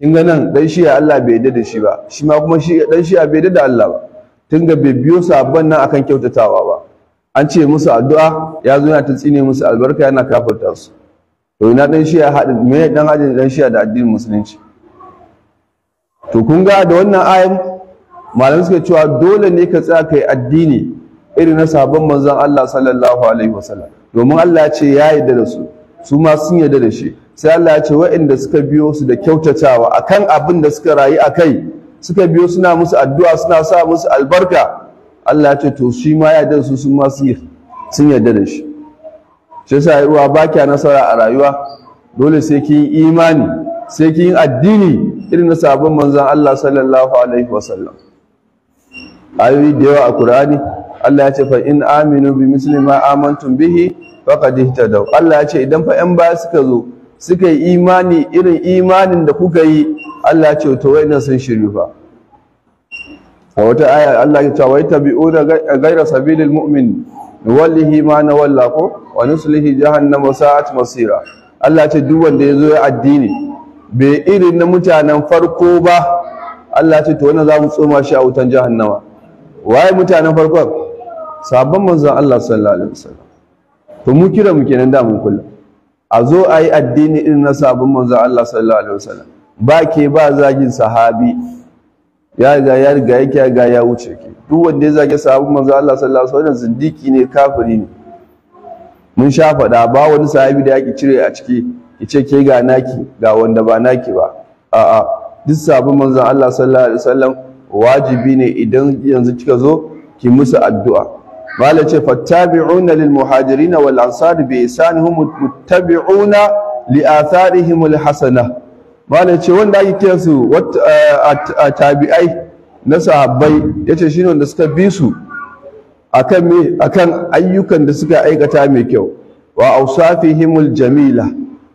kin ga nan dan shiya Allah bai yarda da shi ba shi ma kuma shi dan shiya bai yarda da Allah ba ga bai biyo sabon nan akan kyautatawa ba an ce musu addu'a ya zo yana ta tsine musu albarka yana kafarta su to ina dan shiya hadin me dan hadin dan shiya da addinin musulunci to kun ga da wannan ayan malam suka cewa dole ne ka tsaya kai addini irin na sabon manzon Allah sallallahu alaihi wasallam domin Allah ya ce ya yarda da su su ma sun yarda da shi sai Allah ya ce waɗanda suka biyo su da kyautatawa akan abin da suka rayu a kai suka biyo suna musu addu'a suna sa musu albarka Allah ya ce to shi ma ya yarda su sun sun yarda da shi shi yasa ruwa ba kya nasara a rayuwa dole sai kin imani sai kin addini irin na sabon manzon Allah sallallahu alaihi wasallam ayoyi da yawa a Qur'ani Allah ya ce fa in aminu bi misli amantum bihi faqad ihtadaw Allah ya ce idan fa 'yan baya suka zo suka yi imani irin imanin da kuka yi Allah ce to nan sun shiryu fa a wata aya Allah ya ce wai tabi'una ghayra sabilil mu'min wallahi ma na walla ko wa nuslihi jahannama sa'at masira Allah ce duk wanda yazo ya addini bai irin na mutanen farko ba Allah ce to wannan za mu tsoma shi a wutan jahannama waye mutanen farkon sabon manzon Allah sallallahu alaihi wasallam to mu kira mu kenan da mun kullum a zo a yi addini irin na sabon manzan Allah sallallahu alaihi wasallam ba ke ba zagin sahabi ya riga ya riga yake ga ya wuce ke duk wanda ya zage sabon manzan Allah sallallahu alaihi wasallam zindiki ne kafiri ne mun sha faɗa ba wani sahabi da yake cire a ciki ki ce ke ga naki ga wanda ba naki ba a'a duk sabon manzan Allah sallallahu alaihi wasallam wajibi ne idan yanzu kika zo ki musu addu'a mala ce fattabi'una lil muhajirin wal ansar bi isanihim muttabi'una li atharihim al hasana mala ce wanda ake kiran su eh, eh, tabi'ai na sahabbai yace ne wanda suka bi su akan ayyukan da suka aikata mai kyau wa awsafihimul jamila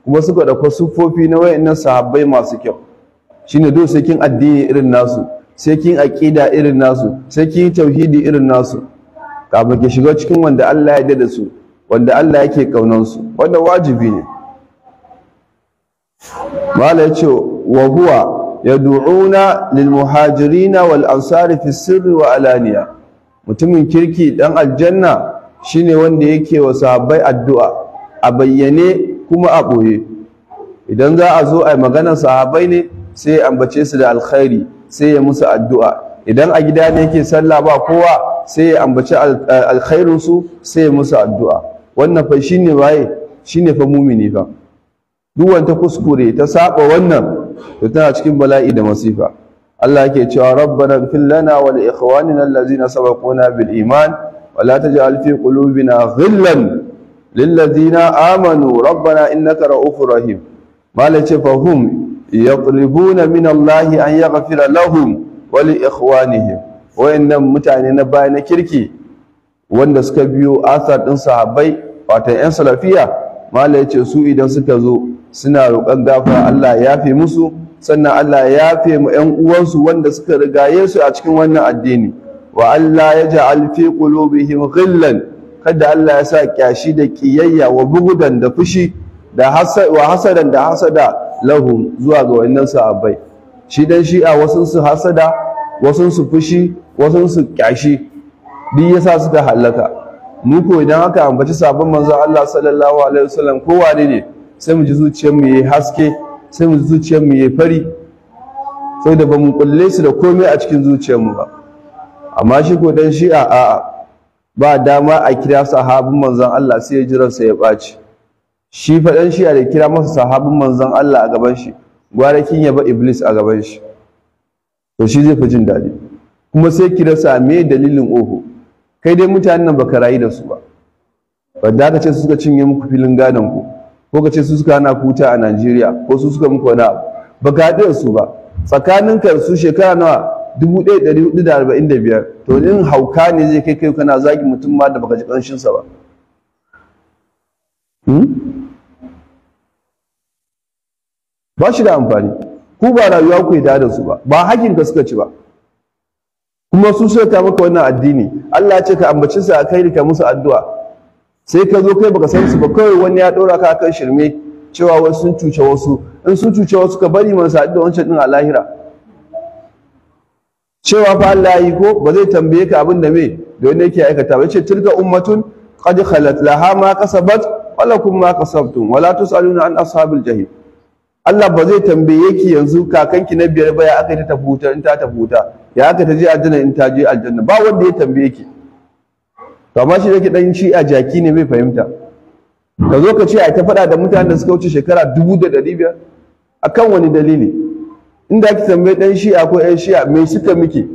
kuma suka kwasu fofi na wayannan sahabbai masu kyau shine do sai kin addini irin nasu sai kin aƙida irin nasu sai kin tauhidi irin nasu kafin ki shiga cikin wanda Allah ya dada su wanda Allah yake kaunan su wanda wajibi ne mala yace wa huwa yad'una lil muhajirina wal ansari fi sirri wa alaniya mutumin kirki dan aljanna shine wanda yake wa sahabbai addu'a a bayyane kuma a boye idan za a zo a maganar sahabbai ne sai ya ambace su da alkhairi sai ya musu addu'a idan a gida ne yake sallah ba kowa sai ya ambaci alkhairin su sai ya musu addu'a wannan fa shine waye shine fa mumini fa duk wanda kuskure ta saba wannan to tana cikin bala'i da masifa Allah yake cewa rabbana ighfir lana wa ikhwanina allazina sabaquna bil iman Wala la taj'al fi qulubina ghillan lil ladzina amanu rabbana innaka ra'ufur rahim malace fahum yatlibuna min Allah an yaghfira lahum wali ikhwanihi wayannan mutane na baya na kirki wanda suka biyo asar din sahabbai wato yan salafiya mala yace su idan suka zo suna roƙon gafara Allah ya fi musu sannan Allah ya fi mu yan uwansu wanda suka rigaye su a cikin wannan addini wa Allah ya ja'al fi qulubihim ghillan kada Allah ya sa kyashi da kiyayya wa bugudan da fushi da hasada wa hasadan da hasada lahum zuwa ga wannan sahabbai shi dan shi'a wasun su hasada wasun su fushi wasun su kyashi duk yasa suka halaka mu ko idan aka ambaci sabon manzon Allah sallallahu alaihi wasallam ko wane ne sai mu ji zuciyar mu yayi haske sai mu ji zuciyar mu yayi fari sai da bamu kulle su da komai a cikin zuciyar mu ba amma shi ko dan shi'a a'a ba dama a kira sahabin manzon Allah sai ya jiransa ya baci shi faɗan shi a da kira masa sahabin manzon Allah a gaban shi gwara kin yaba iblis a gaban shi to shi zai fi jin daɗi kuma sai ki rasa me dalilin oho kai dai mutanen nan baka rayu da su ba banda ka ce su suka cinye muku filin gadon ku ko ka ce su suka hana kuta a Najeriya ko su suka muku wani abu baka haɗu da su ba tsakanin kan su shekara nawa biyar? to in hauka ne zai kai kai kana zagi mutum ma da baka ji ƙanshinsa ba hmm? ba shi da amfani ku ba rayuwa ku yi da su ba ba hakin ka suka ci ba kuma su suka ka maka wannan addini Allah ya ce ka ambaci su a kai ka musu addu'a sai ka zo kai baka san su ba kawai wani ya dora ka akan shirme cewa wasu sun cuce wasu in sun cuce wasu ka bari man sa da wancan din a lahira cewa fa Allah yi ko ba zai tambaye ka abin da me da wanda yake aikata ba ce tilka ummatun qad khalat laha ma kasabat wa lakum ma kasabtum wa la tusaluna an ashabil jahim Allah ba zai tambaye ki yanzu kakanki na biyar ba ya aka ta tafi in ta tafi ya aka ta je aljanna in ta je aljanna ba wanda ya tambaye ki to amma shi yake dan shi a jaki ne bai fahimta ka zo ka ce a ta faɗa da mutanen da suka wuce shekara dubu da ɗari biyar akan wani dalili inda ake tambaye dan a ko ɗan a me suka miki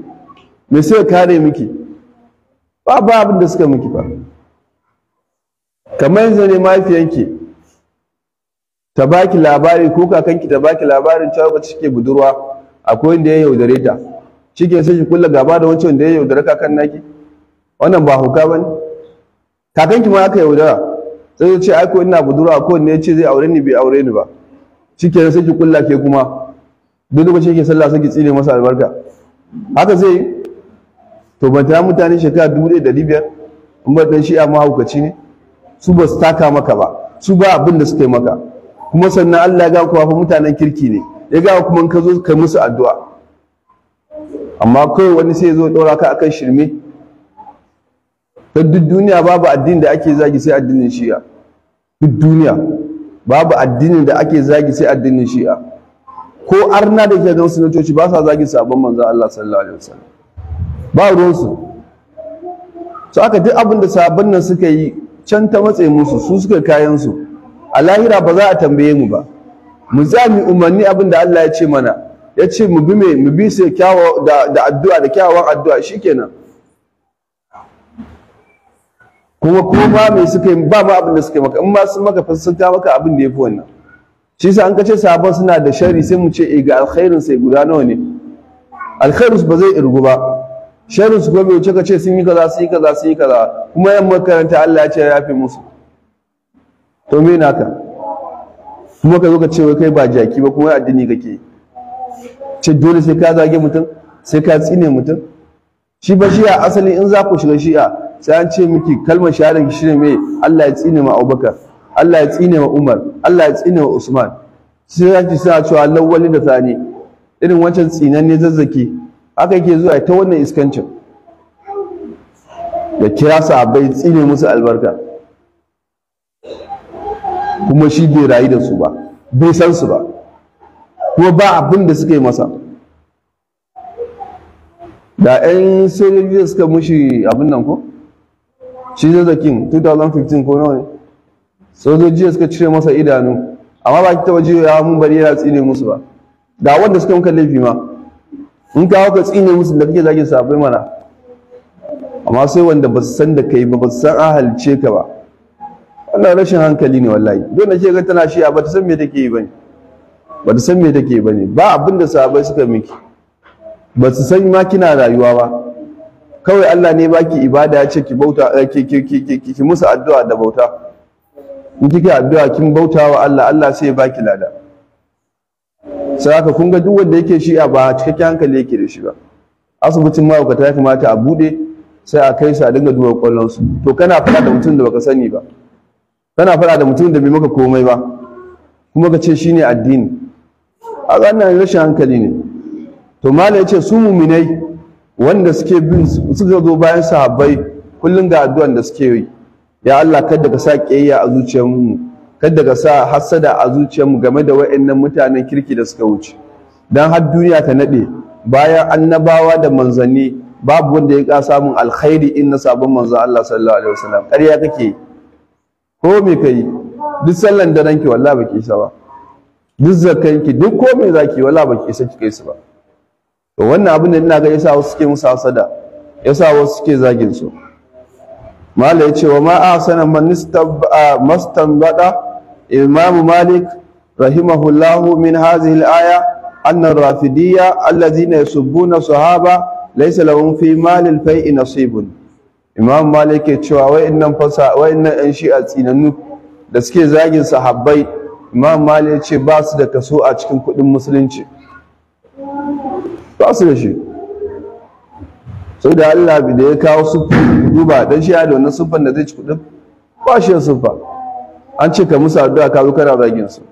me suka kare miki ba ba abin da suka miki ba kamar yanzu ne mahaifiyanki ta baki labari ko kakanki ta baki labarin cewa ba cike budurwa akwai wanda ya yaudare ta cike sai ki kulla gaba da wancan da ya yaudare kakan naki wannan ba hauka bane kakanki ma aka yaudara sai ya ce ai ko ina budurwa ko ne ya ce zai aure ni bai aure ni ba cike sai ki kulla ke kuma duk lokacin yake sallah sai ki tsine masa albarka haka zai to ban ta mutane shekara dubu ɗaya da biyar in ba ɗan shi'a mahaukaci ne su ba su taka maka ba su ba abin da suke maka kuma sannan Allah ga kuwa fa mutanen kirki ne ya ga kuma ka zo kai musu addu'a amma kai wani sai ya zo daura ka akan shirme ta duk duniya babu addini da ake zagi sai addinin shi'a duk duniya babu addinin da ake zagi sai addinin shi'a ko arna da ke gan sunatoci ba sa zagi sabon manzon Allah sallallahu alaihi wasallam ba ruwansu su aka duk abin da sabon nan suka yi can ta matse musu su suka kayan su a lahira ba za a tambaye mu ba mu za mu umarni abin da Allah ya ce mana ya ce mu bi me mu bi sai kyawo da da addu'a da kyawawan addu'a shikenan kuma ko ba me suka yi ba ma abin da suka yi maka in ma sun maka fassanta maka abin da yafi wannan shi yasa an kace sahabban suna da shari sai mu ce eh ga alkhairin sai guda nawa ne alkhairin ba zai irgu ba sharrin su kuma bai wuce ka ce sun yi kaza sun yi kaza sun yi kaza kuma yan makaranta Allah ya ce ya yafe musu to me naka kuma ka zo ka ce wai kai ba jaki ba kuma addini kake ce dole sai ka zage mutum sai ka tsine mutum shi ba shi'a asali in za ku shiga shi'a sai an ce miki kalmar shahada shi ne mai Allah ya tsine ma Abubakar Allah ya tsine ma Umar Allah ya tsine ma Usman sai ya ci sa cewa lawwali da tsani irin wancan tsinan ne zazzaki haka yake zuwa ta wannan iskancin da kira sahabbai tsine musu albarka kuma shi bai rayu da su ba bai san su ba kuma ba abin da suka yi masa da 'yan sojoji da suka mushi abin nan ko shi zazzakin 2015 ko nawa ne sojoji da suka cire masa idanu amma ba ki waje ya mun bari yana tsine musu ba da wanda suka muka laifi ma in ka haka tsine musu da kake zagin sabai mana amma sai wanda ba su san da kai ba ba su san ahalce ka ba wannan rashin hankali ne wallahi don na ce ga tana shi'a ba ta san me take yi bane ba ta san me take yi bane ba abin da sahabbai suka miki ba su san ma kina rayuwa ba kawai Allah ne baki ibada ya ce ki bauta eh, ki ki ki ki musu addu'a da bauta in kike addu'a kin bauta wa Allah Allah sai ya baki lada sai haka kun duk wanda yake shi'a ba cikakken hankali yake da shi ba asibitin ma'aikata ya kamata a bude sai a kai su a dinga duba kwallon su to kana fada da mutum da baka sani ba kana faɗa da mutum da bai maka komai ba kuma ka ce shine addini a wannan rashin hankali ne to mala ya ce su muminai wanda suke bin suka zo bayan sahabbai kullum ga addu'an da suke yi ya Allah kada ka sa kiyayya a zuciyarmu kada ka sa hasada a zuciyarmu game da waɗannan mutanen kirki da suka wuce dan har duniya ta nade bayan annabawa da manzanni babu wanda ya ka samun alkhairi in na sabon manzo Allah sallallahu alaihi wasallam ƙarya kake ko me yi duk sallan daren ki ba ki isa ba duk zakan duk ko me zaki ba ki isa ki kai su ba to wannan abin da ina ga yasa wasu suke musu hasada yasa wasu suke zagin su mala yace wa ma asana man istab'a bada imam malik rahimahullahu min hadhihi al-aya anna ar-rafidiyya alladhina yusubbuna sahaba laysa lahum fi mal al-fai'i nasibun imam malik ke cewa wayannan fasa wayannan ɗan shi'a tsinannu da suke zagin sahabbai imam malik ya ce ba su da kaso a cikin kuɗin musulunci ba su da shi sau da allah bi da ya kawo su duba dan shi'a da wannan sufan da zai ci kuɗin ba shi sufa an ce ka musu addu'a ka zo kana zagin su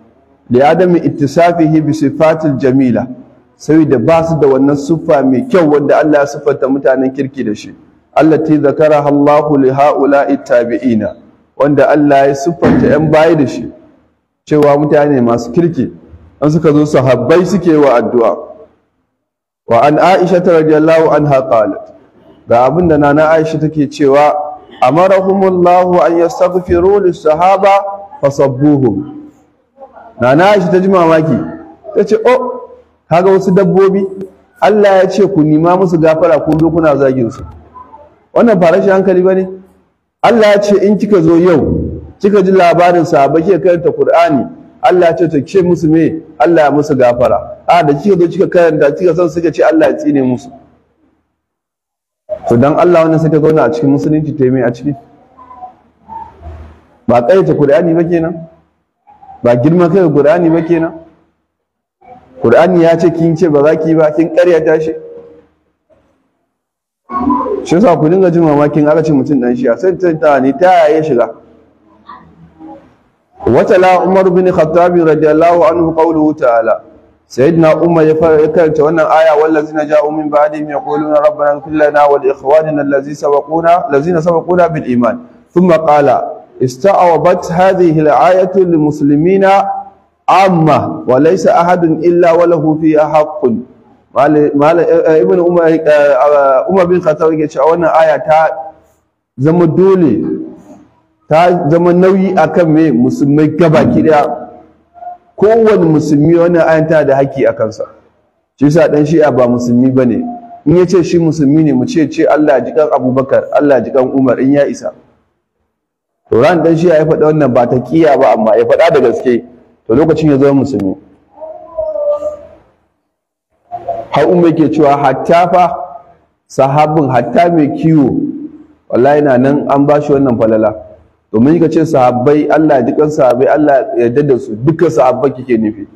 da adami ittisafihi bi sifatil jamila da ba su da wannan sufa mai kyau wanda Allah ya sifanta mutanen kirki da shi allati zakaraha Allahu li haula'i tabi'ina wanda Allah ya siffanta yan bayi da shi cewa mutane masu kirki an suka zo sahabbai suke wa addu'a wa an Aisha radiyallahu anha qalat ga abin da nana Aisha take cewa amarahumullahu an yastaghfiru lis sahaba fasabbuhum nana Aisha ta ji mamaki tace oh kaga wasu dabbobi Allah ya ce ku nima musu gafara ku zo kuna zagin su wannan ba rashin hankali bane Allah ya ce in kika zo yau kika ji labarin sahaba kika karanta Qur'ani Allah ya ce ta ke musu me Allah ya musu gafara a da kika zo kika karanta kika san suka ce Allah ya tsine musu to dan Allah wannan sai ka zauna a cikin musulunci ta yi a ciki ba ta Qur'ani ba kenan ba girma kai Qur'ani ba kenan Qur'ani ya ce kin ce ba za ki ba kin ƙaryata shi shi yasa ku dinga jin mamakin aka ce mutum dan shi'a sai ta ni ta yaya shiga wata la umar bin khattabi radiyallahu anhu qawluhu ta'ala sayyidina umar ya karanta wannan aya wallazina ja'u min ba'dihim yaquluna rabbana ighfir lana wa li ikhwanina allazina sabaquna allazina sabaquna bil iman thumma qala ista'awabat hadhihi al-ayatu lil muslimina amma wa laysa ahadun illa wa lahu fiha haqqun Eh, eh, ibn eh, umar bin khattab yake cewa wannan aya ta zama dole ta zama nauyi akan me musulmai gabaki daya kowane musulmi wannan ayan ta da haƙƙi a kansa shi yasa dan shi'a ba musulmi bane in yace shi musulmi ne mu ce ce Allah kan Abubakar Allah kan Umar in ya isa to ran dan shi'a ya faɗa wannan ba ta kiya ba amma ya faɗa da gaske to lokacin ya zama musulmi har umma yake cewa hatta fa sahabin hatta mai kiwo wallahi na nan an ba shi wannan falala domin ka ce sahabbai Allah ya dukan sahabbai Allah ya yarda da su dukkan sahabbai kike nufi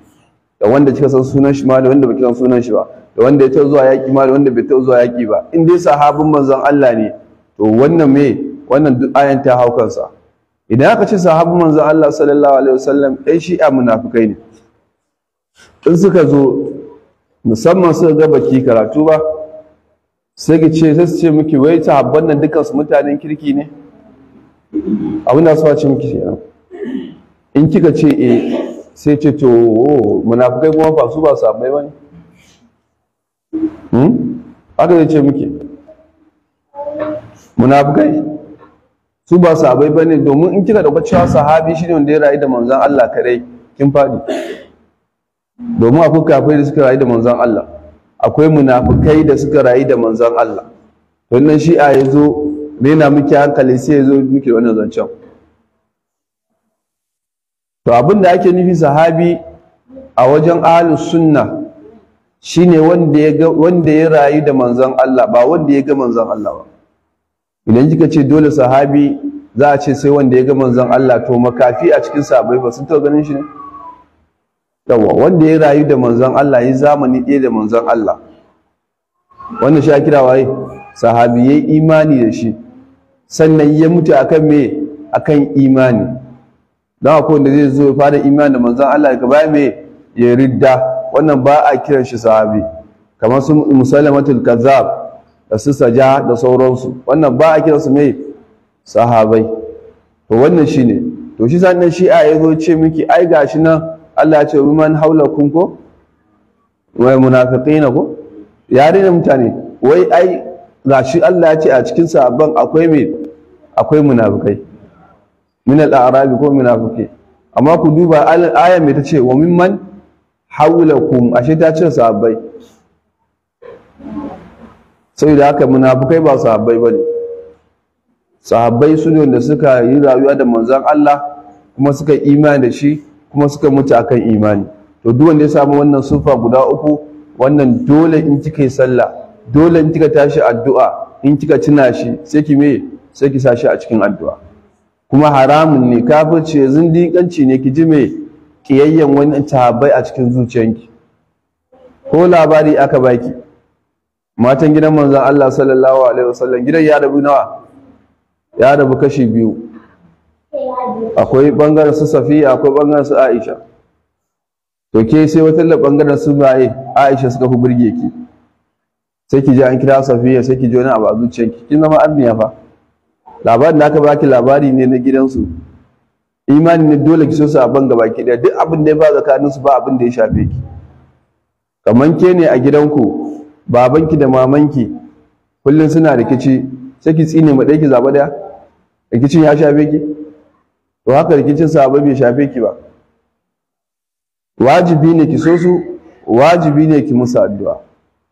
da wanda kika san sunan shi ma da wanda baki san sunan shi ba da wanda ya taɓa zuwa yaƙi ma da wanda bai taɓa zuwa yaƙi ba in dai sahabin manzon Allah ne to wannan me wannan duk ayan ta hau kansa idan aka ce sahabin manzon Allah sallallahu alaihi wasallam ɗan shi'a munafikai ne in suka zo musamman suka ga baki karatu ba sai ki ce sai su ce miki wai ta abban nan dukkan su mutanen kirki ne abin da su ce miki kenan in kika ce eh sai ce to oh, munafukai kuma ba su ba abai bane hmm haka zai ce miki munafukai su ba abai bane domin in kika da cewa sahabi shine wanda ya rayu da manzon Allah kare kin fadi domin akwai kafai da suka rayu da manzon Allah akwai munafukai da suka rayu da manzon Allah Wannan shi'a ya zo rena muke hankali sai ya zo muke wannan zancen to abin da ake nufi sahabi a wajen ahlus sunna shine wanda ya wanda ya rayu da manzon Allah ba wanda ya ga manzon Allah ba idan kika ce dole sahabi za a ce sai wanda ya ga manzon Allah to makafi a cikin sahabbai ba sun taɓa ganin shi ne yawa wanda ya rayu da manzon Allah ya zamani ɗaya da manzon Allah wannan shi kira waye sahabi ya imani da shi sannan ya mutu akan me akan imani don akwai wanda zai zo ya fara imani da manzon Allah ya baya me ya ridda wannan ba a kiran shi sahabi kamar su musalamatul kazzab da su saja da sauransu wannan ba a kiransu mai sahabai to wannan shine to shi sannan shi'a ya zo ce miki ai gashi nan Allah ya ce man haulakum ko wai munafiqina ko Yare ne mutane wai ai gashi Allah ya ce a cikin sahabban akwai me akwai munafikai min al-a'rabi ko munafiki amma ku duba ayar me tace wa man haulakum ashe ta ce sahabbai da haka munafikai ba sahabbai bane sahabbai su ne wanda suka yi rayuwa da manzon Allah kuma suka imani da shi kuma suka mutu akan imani to duk wanda ya samu wannan sufa guda uku wannan dole in kika yi sallah dole in kika tashi addu'a in kika tuna shi sai ki me sai ki sashi a cikin addu'a kuma haramun ne kafirci zindiƙanci ne ki ji mai kiyayyen wani tabai a cikin zuciyanki ko labari aka baki matan gidan manzon Allah sallallahu alaihi wasallam gidan ya rabu nawa ya rabu kashi biyu akwai bangaren su safiya akwai bangaren su aisha to ke sai wata da bangaren su baye aisha suka fi burge ki sai ki je an kira safiya sai ki ji wani abu a zuciyarki kin zama arniya fa labarin da aka baki labari ne na gidansu imani ne dole ki so su a banga baki daya duk abin da ya ba tsakanin su ba abin da ya shafe ki kaman ke ne a gidanku babanki da mamanki kullum suna rikici sai ki tsine ma ɗaya ki zaba ɗaya rikicin ya shafe ki to haka rikicin sahabbai bai shafe ki ba wajibi ne ki so su wajibi ne ki musu addu'a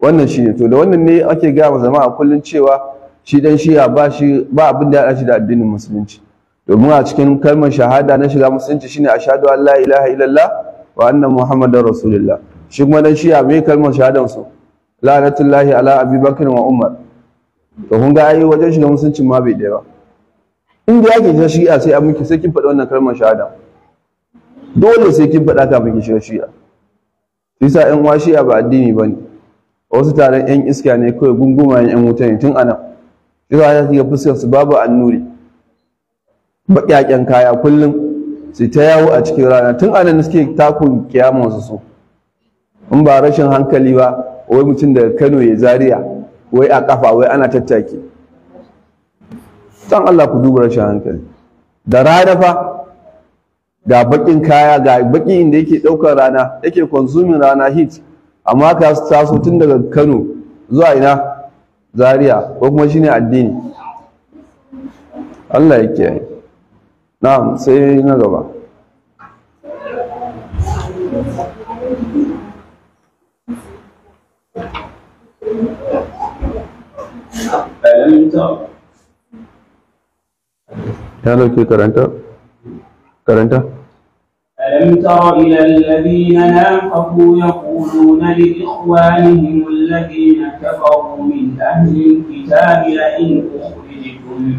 wannan shine to da wannan ne ake gaya wa a kullun cewa shi dan shiya ba shi ba abin da ya shi da addinin musulunci domin a cikin kalmar shahada na shiga musulunci shine ashhadu an la ilaha illallah wa anna muhammadar rasulullah shi kuma dan shiya me kalmar shahadan su la'natullahi ala abubakar wa umar to kun ga ai wajen shiga musulunci ma bai da ba Inda yake shiga shi'a sai an sai kin faɗi wannan kalmar shahada dole sai kin faɗa kafin ki shiga shi'a shi sa ƴan uwa shi'a ba addini ba ne wasu taron ƴan iska ne kawai gungumayen ƴan wuta ne tun anan shi sa za ga fuskar su babu annuri baƙyaƙen kaya kullum su ta yawo a cikin rana tun anan suke takun kiyama su so in ba rashin hankali ba wai mutum daga Kano ya Zaria wai a ƙafa wai ana tattaki don Allah ku duba rashin hankali da rana fa ga bakin kaya ga baki inda yake ɗaukar rana yake consuming rana heat amma ka taso tun daga Kano zuwa ina Zariya, ko kuma shine addini Allah ya kiyaye na'am sai na gaba ألم تر تعالوا كي كرنتا كرنتا ألم تر إلى الذين نافقوا يقولون لإخوانهم الذين كفروا من أهل الكتاب لئن أخرجتم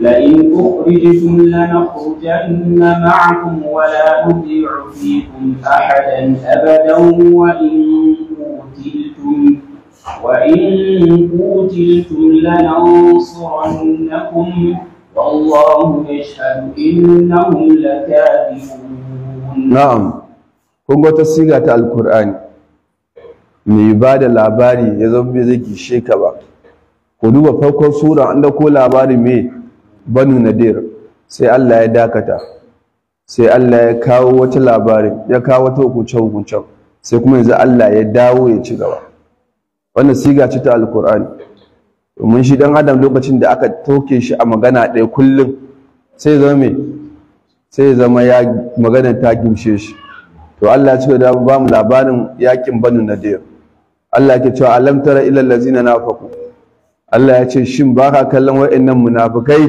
لئن أخرجتم لنخرجن معكم ولا نطيع فيكم أحدا أبدا وإن قتلتم وإن قتلتم لننصرنكم na'am يشهد إنهم kun wata siga ta alkur'ani mai ba da labari ya zama bai zai gishe ka ba ku duba farkon sura an da ko labari mai banu nadir sai allah ya dakata sai allah ya kawo wata labarin ya kawo wata hukuncen hukuncen sai kuma yanzu allah ya dawo ya ci gaba wannan siga ce ta alkur'ani domin shi dan adam lokacin da aka toke shi a magana ɗaya kullum sai zama me sai zama ya magana ta gimshe shi to Allah ya ce da ba mu labarin yakin banu nadir Allah ke cewa alam tara ila allazina nafaqu Allah ya ce shin ba ka kallon wa'annan munafikai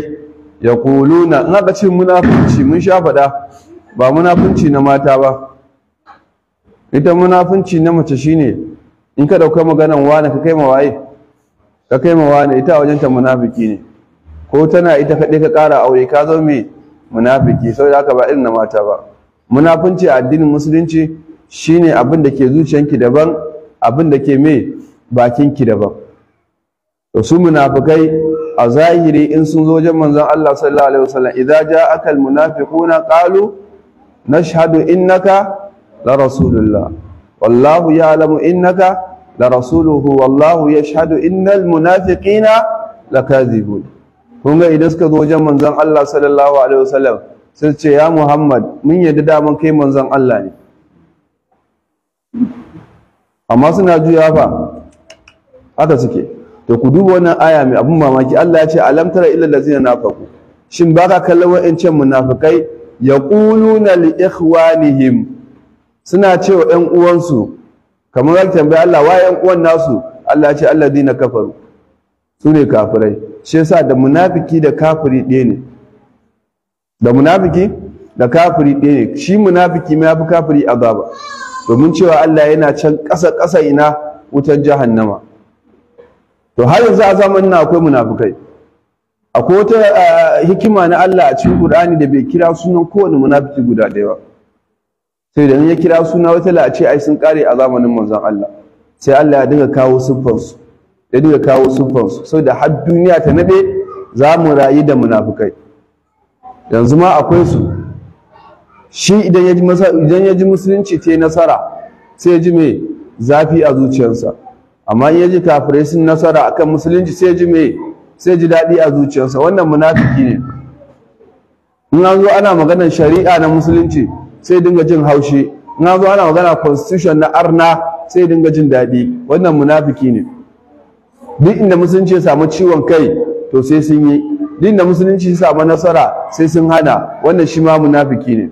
yaquluna in aka ce munafunci mun sha fada ba munafunci na mata ba ita munafunci na mace shine in ka dauka maganan wani ka kai ma waye ka kai mawa ne ita wajen ta munafiki ne ko tana ita kaɗai ka ƙara aure ka zo mai munafiki da, haka ba irin na mata ba munafunci a addinin musulunci shine abin da ke zuciyanki daban abin da ke mai bakinki daban to su munafikai a zahiri in sun zo wajen manzon Allah sallallahu alaihi wasallam idza ja'aka almunafiquna qalu nashhadu innaka la rasulullah wallahu ya'lamu innaka larasuluhu wallahu yashhadu innal munafiqina lakazibun kun ga idan suka zo wajen manzon Allah sallallahu alaihi wasallam sai ce ya Muhammad mun yadda daman kai manzon Allah ne amma suna juya fa haka suke to ku duba wannan aya mai abin mamaki Allah ya ce alam tara illal ladzina nafaqu shin ba ka kallon wa'ancan munafikai yaquluna li ikhwanihim suna cewa ƴan uwansu kamar zaka tambayi Allah wayan uwan nasu Allah ce alladina kafaru su ne kafirai shi yasa da munafiki da kafiri ɗaya ne da munafiki da kafiri ɗaya ne shi munafiki ma yafi kafiri azaba domin cewa Allah yana can ƙasa ƙasa ina wutar jahannama to har yanzu a zaman nan akwai munafikai akwai wata ah, hikima na Allah a cikin Qur'ani da bai kira sunan kowane munafiki guda ɗaya ba sai da ya kira suna wata la ai sun kare a zamanin manzon Allah sai Allah ya dinga kawo su, ya dinga kawo siffansu saboda har duniya ta nade za mu rayu da munafukai yanzu ma akwai su shi idan ya ji idan ya ji musulunci ta nasara sai ya ji me zafi a zuciyarsa amma in ya ji kafirai sun nasara akan musulunci sai ya ji me sai ji daɗi a zuciyarsa wannan munafiki ne in an zo ana maganar shari'a na musulunci sai dinga jin haushi in an zo ana magana constitution na arna sai dinga jin daɗi wannan munafiki ne duk inda musulunci ya samu ciwon kai to sai sun yi duk inda musulunci ya samu nasara sai sun hana wannan shi ma munafiki ne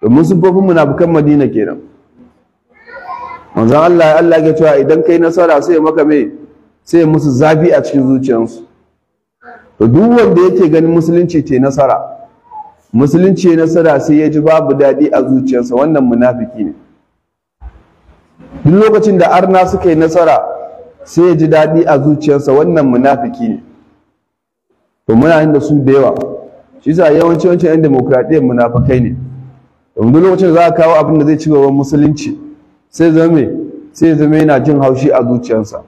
domin sufofin munafikan madina kenan manzon Allah Allah ya cewa idan kai nasara sai maka me sai musu zafi a cikin zuciyarsu to duk wanda yake ganin musulunci ce nasara musulunci ya nasara sai ya ji babu daɗi a zuciyarsa wannan munafiki ne duk lokacin da arna suka yi nasara sai ya ji daɗi a zuciyarsa wannan munafiki ne to muna yin da su da yawa shi sa yawanci wancan yan demokradiyyar munafikai ne domin duk lokacin da za a kawo abin da zai ci gaban musulunci sai zame sai zame yana jin haushi a zuciyarsa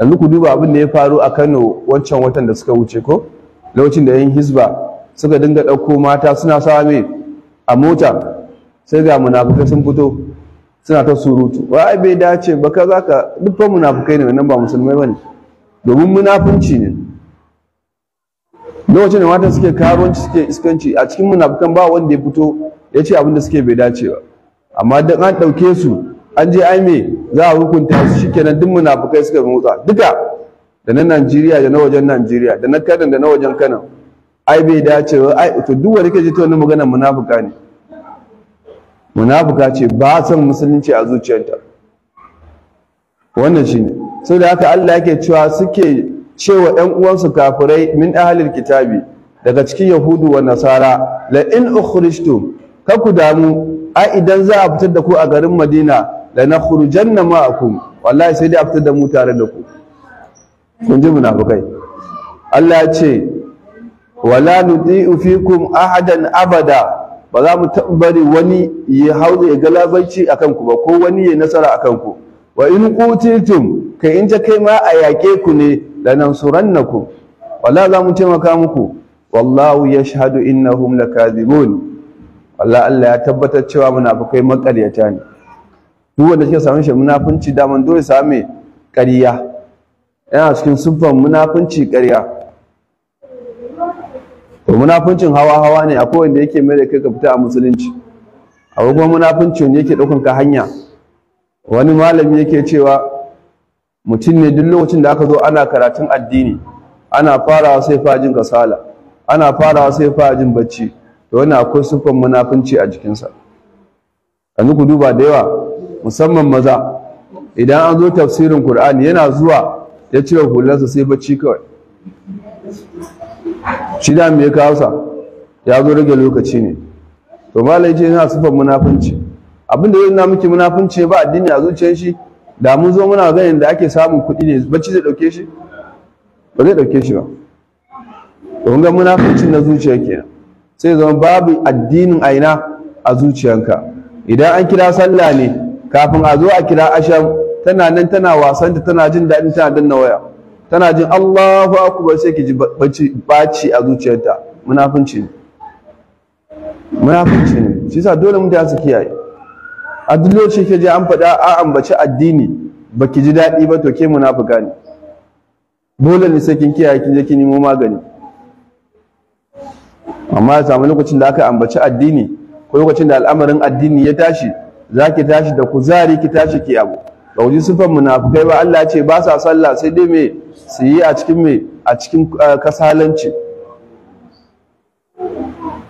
yanzu ku duba abin da ya faru a Kano wancan watan da suka wuce ko lokacin da yan hisba suka dinga ɗauko mata suna same a mota sai ga munafukai sun fito suna ta surutu wa bai dace ba ka zaka dukkan munafukai ne wannan ba musulmai bane domin munafunci ne lokacin da mata suke karuwanci suke iskanci a cikin munafukan ba wanda ya fito ya ce abin da suke bai dace ba amma dan an ɗauke su an je ai me za a hukunta su shikenan duk munafukai suka motsa duka da na Najeriya da na wajen Najeriya da na Kano da na wajen Kano ai bai dace ba ai to duk wanda kake ta wannan magana munafuka ne munafuka ce ba san musulunci a zuciyarta wannan shine saboda haka Allah yake cewa suke cewa ƴan uwansu kafirai min ahlil kitabi daga cikin yahudu wa nasara la in ukhrijtu ka ku damu ai idan za a fitar da ku a garin madina la nakhrujanna ma'akum wallahi sai dai a fitar da mu tare da ku kun ji munafukai Allah ya ce wala nuti'u fikum ahadan abada ba za mu bari wani ya hau ya galabaici akan ku ba ko wani ya nasara akan ku wa in qutiltum kai in ta kai ma a yake ku ne ku. wala za mu taimaka muku wallahu yashhadu innahum lakazibun wallahi Allah ya tabbatar cewa munafikai makaryata ne duk wanda suka samu shi munafunci daman dole same ƙarya yana cikin siffar munafunci ƙarya munafuncin hawa hawa ne akwai wanda yake mai da kai ka fita a musulunci akwai kuma munafuncin yake ɗaukan ka hanya wani malami yake cewa mutum ne duk lokacin da aka zo ana karatun addini ana farawa sai fa jin kasala ana farawa sai fa jin bacci to wani akwai sufan munafunci a jikinsa yanzu ku duba da yawa musamman maza idan an zo tafsirin Qur'ani yana zuwa ya cire hulansa sai bacci kawai shi da mai kawo sa ya zo rage lokaci ne to malai ce yana sufan munafunci abinda yau na miki munafunci ba addini a zuciyar shi da mun zo muna ganin da ake samun kuɗi ne bacci zai ɗauke shi ba zai ɗauke shi ba to kun ga munafuncin na zuciya kenan sai zama babu addinin aina a zuciyanka idan an kira sallah ne kafin a zo a kira asham tana nan tana wasanta tana jin daɗin tana danna waya tana jin Allahu akbar sai ki ji bacci a zuciyarta munafunci ne munafunci ne shi yasa dole da su kiyaye a duk lokacin ke je an faɗa a ambaci addini baki ji daɗi ba to ke munafuka ne dole ne sai kin kiyaye kin je kin nemo magani amma ya samu lokacin da aka ambaci addini ko lokacin da al'amarin addini ya tashi za ki tashi da kuzari ki tashi ki abu ba sufan sifan munafukai ba Allah ce ba sa sallah sai dai me su yi a cikin me a cikin kasalanci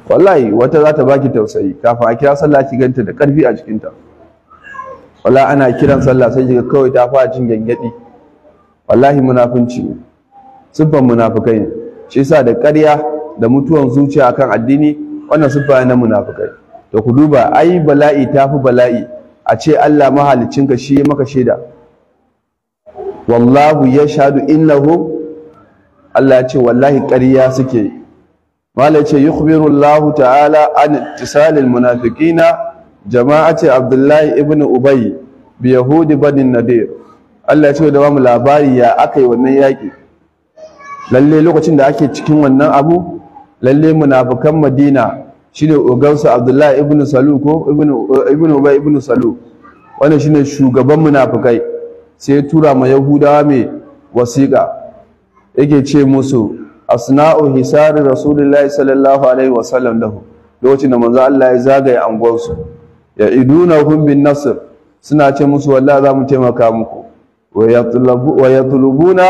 wallahi wata za ta baki tausayi kafin a kira sallah ki ganta da karfi a jikinta wallahi ana kiran sallah sai kiga kawai ta fara jin gangadi wallahi munafunci ne siffan munafukai ne shi yasa da ƙarya da mutuwan zuciya akan addini wannan siffa na munafukai to ku duba ai bala'i ta fi bala'i a ce Allah mahalicinka shi ya maka shaida wallahu ya shaɗu innahu Allah ya ce wallahi ƙarya suke malai ce yi kubiru Allah ta'ala an munafikina Jama'a ce Abdullahi ibn ubayi bi yahudi banin nadir Allah ya ce da mu labari ya akai wannan yaki lalle lokacin da ake cikin wannan abu lalle munafikan Madina shine ogansa abdullahi ibn salu ko ibn ubay ibn salu wannan shine shugaban munafukai. sai ya tura ma yahudawa mai wasiƙa yake ce musu asna'u hisari rasulullahi sallallahu alaihi wasallam hu lokacin da manzo Allah ya zagaye anguwarsu ya idunahum bin nasr suna ce musu wallahi za mu taimaka muku wa yatlubuna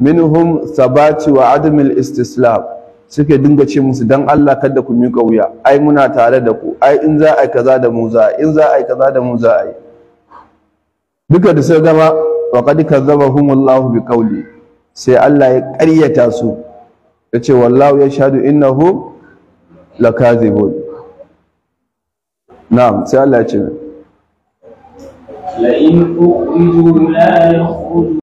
minhum sabati wa adamil istislam suke dinga ce musu dan Allah kada ku miƙa wuya ai muna tare da ku ai in za a yi kaza da mu za a in za a yi kaza da mu za a yi duka da sai gaba wa qad Allah bi qawli sai Allah ya ƙaryata su yace wallahu yashhadu innahu lakazibun na'am sai Allah ya ce la in ukhrijū la yakhrujū